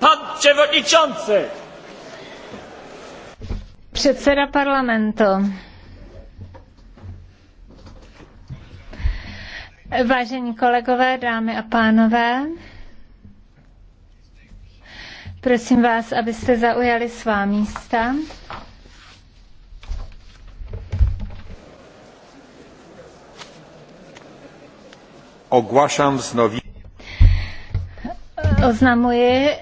Pan převodničonce! Předseda parlamentu. Vážení kolegové, dámy a pánové, prosím vás, abyste zaujali svá místa. Ogłaszam oznamuji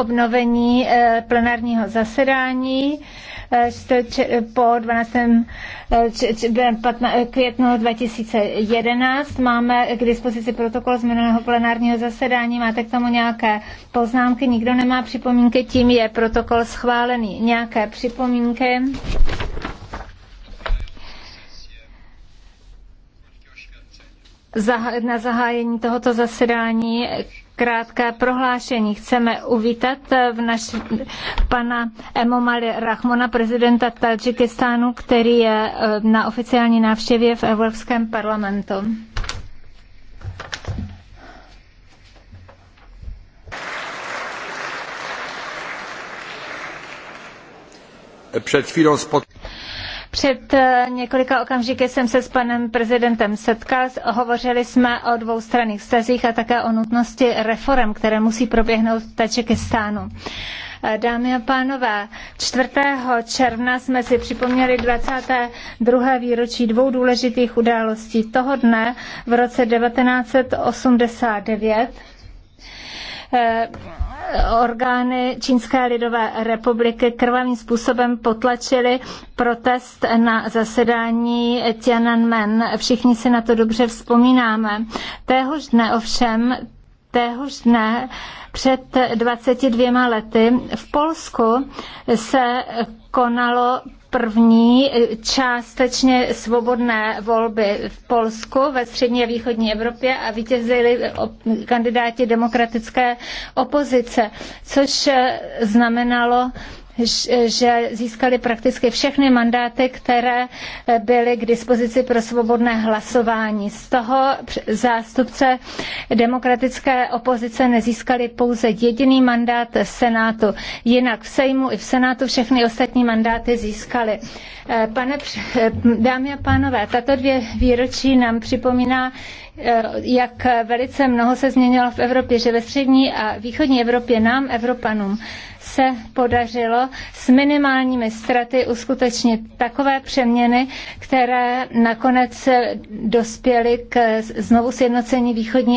obnovení eh, plenárního zasedání eh, po 12. Eh, květnu 2011. Máme k dispozici protokol z minulého plenárního zasedání. Máte k tomu nějaké poznámky? Nikdo nemá připomínky, tím je protokol schválený. Nějaké připomínky? na zahájení tohoto zasedání krátké prohlášení. Chceme uvítat eh, v naš, pana Emomali Rahmona, prezidenta Tadžikistánu, který je eh, na oficiální návštěvě v Evropském parlamentu. Před chvílí. spod... Před eh, několika okamžiky jsem se s panem prezidentem setkal, hovořili jsme o dvoustranných stazích a také o nutnosti reform, které musí proběhnout v Tačikistánu. Eh, dámy a pánové, 4. června jsme si připomněli 22. výročí dvou důležitých událostí. Toho dne v roce 1989 Eh, orgány Čínské lidové republiky krvavým způsobem potlačily protest na zasedání Tiananmen. Všichni si na to dobře vzpomínáme. Téhož dne ovšem, téhož dne před 22 lety v Polsku se konalo první částečně svobodné volby v Polsku, ve střední a východní Evropě a vítězili kandidáti demokratické opozice, což znamenalo že získali prakticky všechny mandáty, které byly k dispozici pro svobodné hlasování. Z toho zástupce demokratické opozice nezískali pouze jediný mandát v Senátu. Jinak v Sejmu i v Senátu všechny ostatní mandáty získali. Eh, pane, eh, dámy a pánové, tato dvě výročí nám připomíná, Eh, jak velice mnoho se změnilo v Evropě, že ve střední a východní Evropě nám, Evropanům, se podařilo s minimálními straty uskutečnit takové přeměny, které nakonec dospěly k znovu sjednocení východní